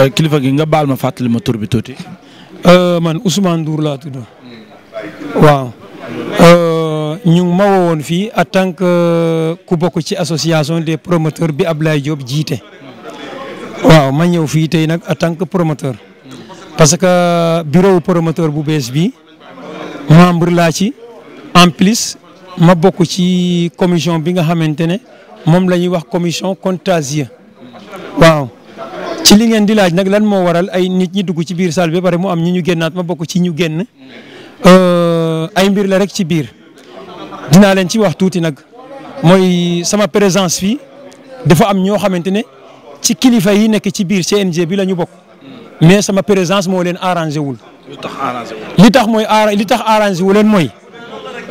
Euh, kilifa gi nga baal ma fàttali ma tur bi tuuti. Euh, man Ousmane Ndour laa tudd waaw euh, ñu ma woowoon fii en tant que ku bokk ci association des promoteurs bi Ablaye Diop jiite waaw ma ñëw fii tey nag en tant que promoteur parce que bureau promoteur bu bees bi membre laa ci en plus ma bokk ci commission bi nga xamante ne moom la ñuy wax commission contagie waaw ci li ngeen di laaj nag lan moo waral ay nit ñi dugg ci biir salle bi ba pare mu am ñi ñu génnaat ma bokk ci ñu génn euh, ay mbir la rek ci biir dinaa leen ci wax tuuti nag mooy sama présence fii dafa am ñoo xamante ne ci kilifa yi nekk ci biir CNG bi la ñu bokk mais sama présence moo leen arrangé wul. li tax arrangé wul li tax mooy li tax arrangé wu leen mooy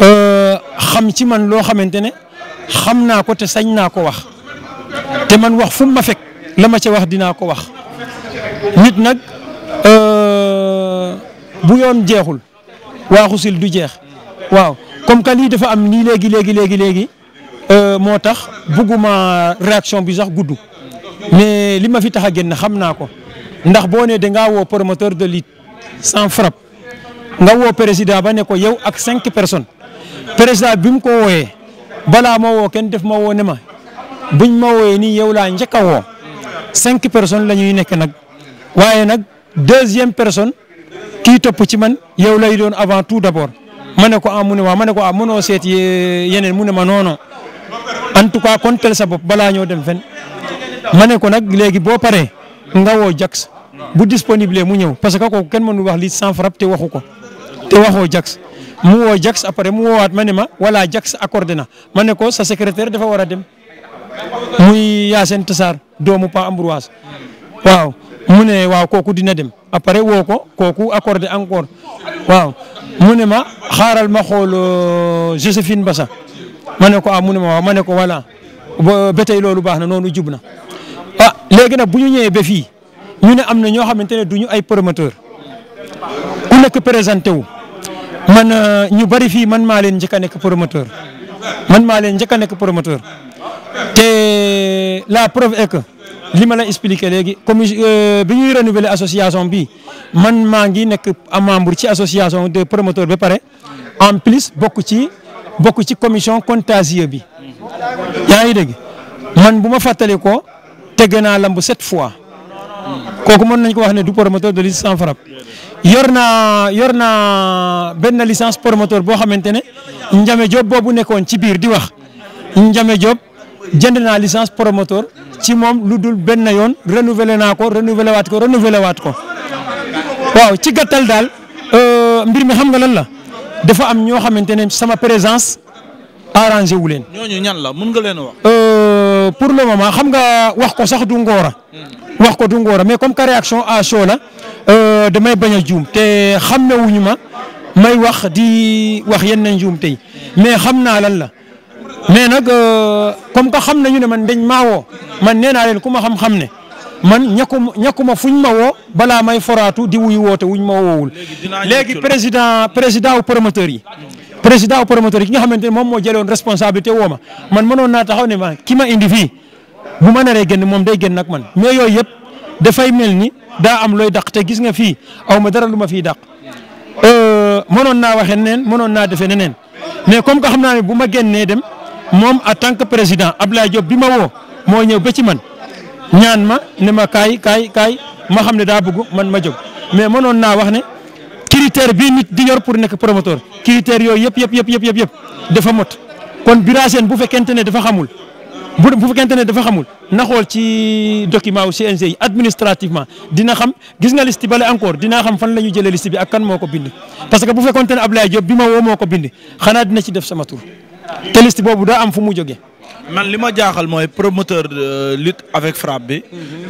euh, xam ci man loo xamante ne xam naa ko te sañ naa ko wax te man wax fu ma fekk. la ma ca wax dinaa ko wax nit nag euh, bu yoon jeexul waaxu sil du jeex waaw comme que lii dafa am nii léegi léegi léegi léegi euh, moo tax bugguma réaction bi sax gudd mais li ma fi tax a génn xam naa ko ndax boo ne dangaa woo promoteur de litte sans frappe nga woo président ba ne ko yow ak cinq personnes président bi mu ko wooyee balaa ma woo kenn def ma woo ne ma buñ ma wooyee nii yow laa njëkk a woo cinq personnes la ñuy nekk nag waaye nag deuxième personne kii topp ci man yow lay doon avant tout d'abord ma ne ko ah mu ne waaw ma ne ko am ah mënoo seet yeneen mu ne ma non non en tout cas kontel sa bopp balaa ñoo dem fen ma ne ko nag léegi boo paree nga woo Jax bu disponible mu ñëw parce que ko kenn mënu wax li sans frappe te waxu ko te waxoo Jax mu woo Jax après mu woowaat ma ne ma wala Jax accordé na ma ne ko sa secrétaire dafa war a dem muy Yacine doomu Pa Ambroise waaw mu ne waaw kooku dina dem après woo ko kooku accordé encore waaw mu ne ma xaaral ma xool euh, Josephine Bassa ma ne ko ah mu ne ma waaw ma ne ko voilà ba tey loolu baax na noonu jub na ah léegi nag bu ñu ñëwee ba fii ñu ne am na ñoo xamante ne du ñu ay promoteur ku nekk présenté wu man euh, ñu bari fii man maa leen njëkk nekk promoteur man maa njëkk a te la preuve est que li ma la expliqué léegi comme euh, bi ñuy renouveler association bi man maa ngi nekk membre ci association de promoteurs be pare en plus bokk ci bokk ci commission contagieuse bi yaa ngi dégg man bu ma fàttali ko teg naa lamb sept fois kooku mën nañ ko wax ne du promoteur de lutte sans frappe yor naa yor naa benn licence promoteur boo xamante ne Ndiame Diop boobu nekkoon ci biir di wax Ndiame Diop jënd naa licence promoteur ci moom lu dul benn yoon renouvelé naa ko renouvelé waat ko renouvelé waat ko waaw ci gattal daal euh, mbir mi xam nga lan la dafa am ñoo xamante ne sama présence arrangé wu leen. ñooñu ñan la mun nga leen wax. Euh, pour le moment xam nga wax ko sax du ngóora. Hmm. wax ko du ngóora mais comme que réaction à chaud la euh, damay bañ a juum te xam ne wuñu ma may wax di wax yenn njuum tey mais xam naa lan la. mais nag euh, comme que xam nañu ne man dañ maa woo man nee naa leen ku ma xam-xam ne man ñàkkuma ñàkkuma fuñ ma woo balaa may foraatu di wuyu woote wuñ ma woowul. léegi président président wu promoteur yi. président wu promoteur yi ki nga xamante ne moom moo jëloon responsabilité woo ma man mënoon naa taxaw ne ma ki ma indi fii bu ma naree génn moom day génn nag man mais yooyu yëpp dafay mel ni daa am looy dàq te gis nga fii aw ma dara lu ma fiy dàq euh, mënoon naa waxee neneen mënoon naa defee neneen mais comme xam naa bu ma génnee dem. moom en tant que président Abdoulaye Diop bi ma woo moo ñëw ba ci man ñaan ma ne ma kaay kaay ma xam ne daa bëgg man ma jóg mais mënoon naa wax ne critère bi nit di yor pour nekk promoteur critère yooyu yëpp yëpp yëpp yëpp yëpp dafa mot. kon Birasène bu fekkente ne dafa xamul bu bu fekkente ne dafa xamul na xool ci document wu CNG yi administrativement dina xam gis nga liste bale encore dina xam fan la ñu jëlee liste ak kan moo ko bind. parce que bu fekkonte ne Abdoulaye Diop bi ma woo moo ko bind xanaa dina ci def sama te liste boobu daa am fu mu jóge man li ma jaaxal mooy promoteur lit avec frappe bi.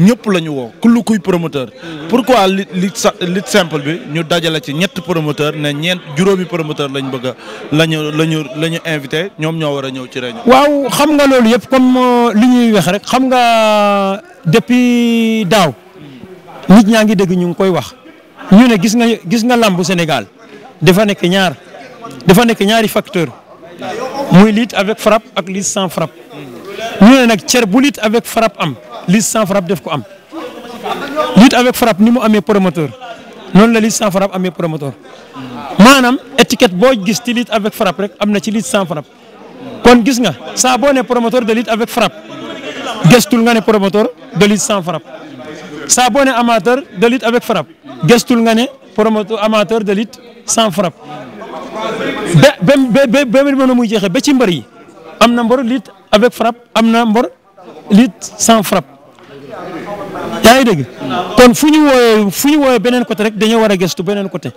ñëpp la ñu woo kullu kuy promoteur. pourquoi lutte lutte simple bi ñu dajale ci ñett promoteur ne ñeent juróomi promoteur lañu bëgg a la ñu la ñu invité ñoom ñoo war a ñëw ci réunion. waaw xam nga loolu yëpp comme euh, li ñuy wax rek xam nga depuis daaw. nit ñaa ngi dégg ñu ngi koy wax. ñu ne gis nga gis nga làmbu Sénégal dafa nekk ñaar dafa nekk ñaari facteur muy lutte avec frappe ak lutte sans frappe ñu ne nag cer bu lutte avec frappe am lutte sans frappe def ko am lutte avec frappe ni mu amee promoteur noonu la lutte sans frappe amee promoteur maanaam étiquette boo gis ci lutte avec frappe rek am na ci lutte sans frappe kon gis nga saa boo ne promoteur de lutte avec frappe gestul nga ne promoteur de lutte sans frappe saa boo ne amateur de lutte avec frappe gestul nga ne promoteur amateur de lutte sans frappe ba ba ba ba mën a muy jeexee ba ci mbër yi am na mbër lutte avec frappe am na mbër lutte sans frappe yaa ngi dégg. kon fu ñu wooyee fu ñu wooyee beneen côté rek dañoo war a gëstu beneen côté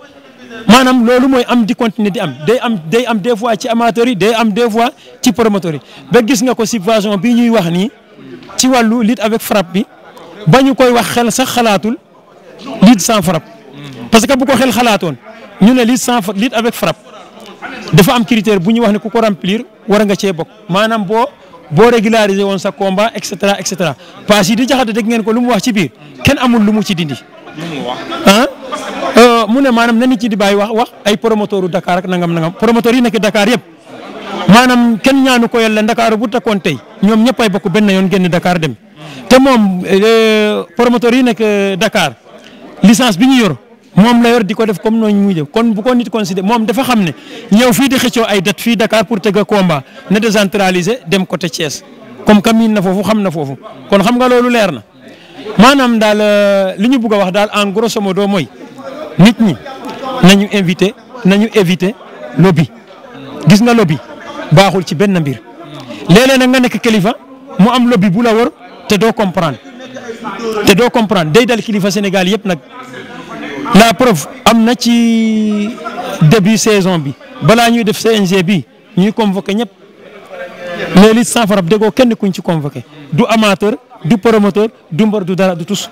maanaam loolu mooy am di continuer di am day am day am des fois ci amateurs yi day am des fois ci promoteurs yi ba gis nga ko situation bi ñuy wax nii ci wàllu lutte avec frappe bi ba ñu koy wax xel sax xalaatul lutte sans frappe parce que bu ko xel xalaatoon. ñu ne lutte sans lutte avec frappe dafa am critère bu ñuy wax ne ku ko remplir war nga cee bokk maanaam boo boo régulariser woon sa combat et cetera et cetera paas yi di jaxate dégg ngeen ko lu mu wax ci biir kenn amul lu mu ci dindi. ah mu ne maanaam na nit ñi di bàyyi wax wax ay promoteur u Dakar ak nangam nangam promoteur yi nekk dakaar yëpp maanaam kenn ñaanu ko yàlla Dakar bu takkoon tey ñoom ñëpp ay bokk benn yoon génn Dakar dem te moom euh, promoteur yi nekk dakaar licence bi ñu yor. moom la yor di ko def comme nooñu muy def kon bu ko nit considéré moom dafa xam ne ñëw fii di xëccoo ay date fii Dakar pour tëgg a combat na décentraliser dem côté Thiès comme kamin na foofu xam na foofu kon xam nga loolu leer na maanaam daal euh, li ñu bugg a wax daal en grosso doo mooy nit ñi nañu invité nañu éviter lobby gis nga lobby baaxul ci benn mbir léeg-léeg nag nga nekk kilifa mu am lobby bu la wër te doo comprendre te doo comprendre day dal kilifa Sénégal yëpp nag. la preuve am na ci début saison bi balaa ñuy def CNG bi ñuy convoqué ñëpp mais li sans frappe déggoo kenn kuñ ci convoqué du amateur du promoteur du mbër du dara du tus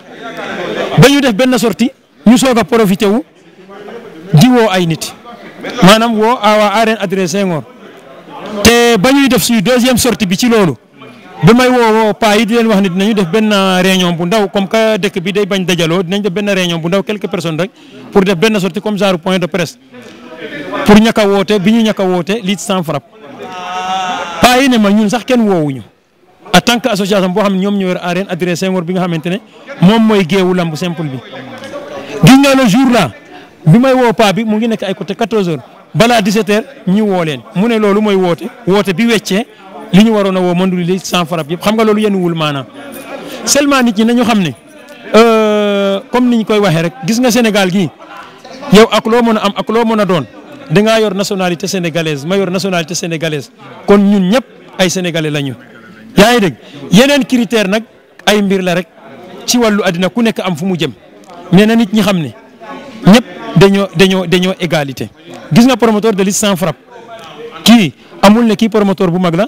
ba def benn sorti ñu soog a profité wu di woo ay nit maanaam woo à waa arène adressé te ba def suñu deuxième sortie bi ci loolu. bi may woowoo paa yi di leen wax ni dinañu def benn réunion bu ndaw comme que dëkk bi day bañ dajaloo dinañ def benn réunion bu ndaw quelques personnes rek pour def benn sortie comme genre point de presse pour ñàkk a woote bi ñu ñàkk a woote lutte sans frappe paa yi ne ma ñun sax kenn woowuñu a tant que association boo xam ne ñoom ñoo yor arène adressé ngor bi nga xamante ne moom mooy géewu lamb simple bi. gis nga le jour là bi may woo paa bi mu ngi nekk ay côté 14 heures balaa 17 heures ñu woo leen mu ne loolu mooy woote woote bi weccee. li ñu waroon a woo mëndu li sans frappe yëpp xam nga loolu yenn wul maana seulement nit ñi nañu xam ne euh, comme ni ñu koy waxee rek gis nga Sénégal gii yow ak loo mën a am ak loo mën a doon dangaa yor nationalité sénégalaise ma yor nationalité sénégalaise kon ñun ñëpp ay sénégalais lañu. yaa ngi dégg yeneen critère nag ay mbir la rek ci wàllu àddina ku nekk am fu mu jëm mais na nit ñi xam ne ñëpp dañoo dañoo dañoo égalité gis nga promoteur de liste sans frappe kii amul ne kii promoteur bu mag la.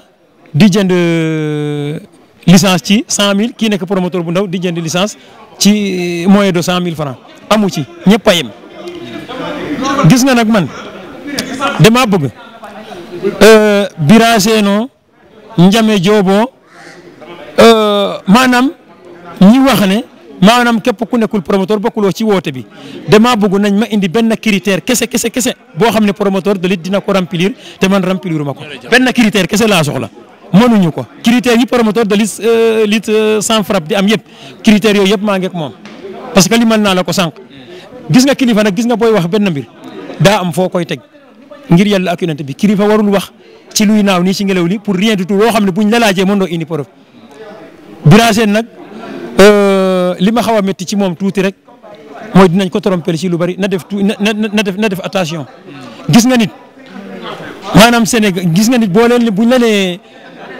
di jënd euh, licence ci cent mille kii nekk promoteur bu ndaw di jënd licence ci euh, moyen de cent mille francs amu ci ñëpp a yem gis nga nag man dama bëgg euh, Bira no Njame Joobo maanaam ñi wax ne maanaam képp ku nekkul promoteur bokkuloo ci woote bi dama bëgg nañ ma indi benn critère kese kese kese boo xam ne promoteur de lutte dina ko remplir te man remplir ma ko benn critère kese laa soxla. mënuñu ko critères yi promoteur de lutte euh, lutte euh, sans frappe di am yëpp critères yooyu yëpp maa ngi moom parce que li mën naa la ko sànq gis nga kilifa nag gis nga booy wax benn mbir daa am foo koy teg ngir yàlla ak yonent bi kilifa warul wax ci luy naaw nii ci ngelaw li pour rien du tout loo xam ne buñ la laajee mën doo indi preuve nag euh, li ma xaw a métti ci moom tuuti rek mooy dinañ ko tromper ci lu bari na def tu na def na def attention gis nga nit maanaam Sénégal gis nga nit boo leen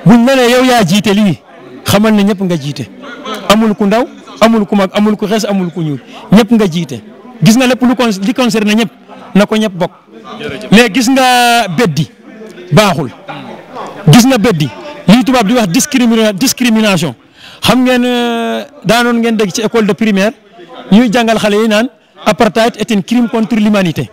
buñ la nee yow yaa jiite lii xamal ne ñëpp nga jiite amul ku ndaw amul ku mag amul ku xees amul ku ñuul ñëpp nga jiite gis nga lépp lu con li concerné ñëpp na ko ñëpp bokk. mais gis nga beddi baaxul gis nga beddi lii tubaab di wax discrimi discrimination xam ngeen euh, daanoon ngeen dégg ci école de primaire ñuy jàngal xale yi naan apartheid est un crime contre l'humanité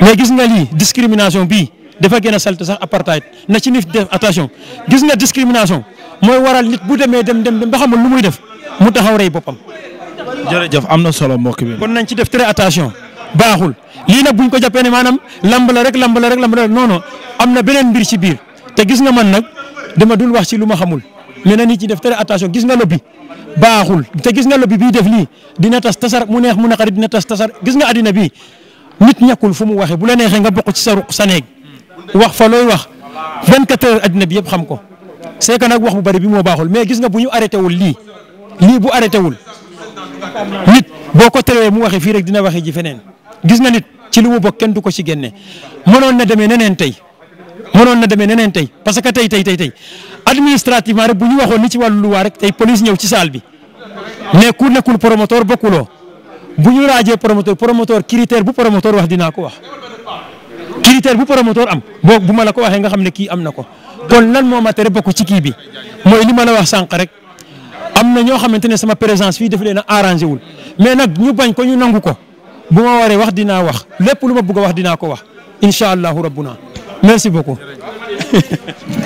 mais gis nga lii discrimination bii. dafa gën a salte sax apartheid na ci nit def attention gis nga discrimination mooy waral nit bu demee dem dem ba xamul lu muy def mu taxaw rey boppam. jërëjëf am na solo mbokk bi. kon nañ ci def très attention baaxul lii nag buñ ko jàppee ne maanaam lamb rek lamb rek la rek non non am na beneen mbir ci biir te gis nga man nag dama dul wax ci lu ma xamul mais na nit ci def très attention gis nga lobby baaxul te gis nga lobby bii def lii dina tas tasar mu neex mu naqari dina tas tasar gis nga addina bi nit ñàkkul fu mu waxee bu la neexee nga bokk ci sa sa néeg wax fa looy wax 24 heures addina bi yëpp xam ko c'est que nag wax bu bari bi moo baaxul mais gis nga bu ñu arrêté wul lii lii bu arrêté wul nit boo ko teree mu waxee fii rek dina waxee ji feneen gis nga nit ci lu mu bokk kenn du ko ci genne mënoon na demee neneen tey mënoon na demee neneen tey parce que tey tey tey tey administrativement rek bu ñu waxoon ni ci wàllu luwaa rek tey police ñëw ci salle bi ku ku nekkul promoteur bokkuloo bu ñu laajee promoteur promoteur critère bu promoteur wax dinaa ko wax. critère bu promoteur am boo bu ma la ko waxee nga xam ne kii am na ko kon lan moo ma tere bokk ci kii bi mooy ni ma la wax sànq rek am na ñoo xamante ne sama présence fii daf leen a arrangé wul mais nag ñu bañ ko ñu nangu ko bu ma waree wax dinaa wax lépp lu ma bëgg wax dinaa ko wax incha allahu rabbuna merci beaucoup.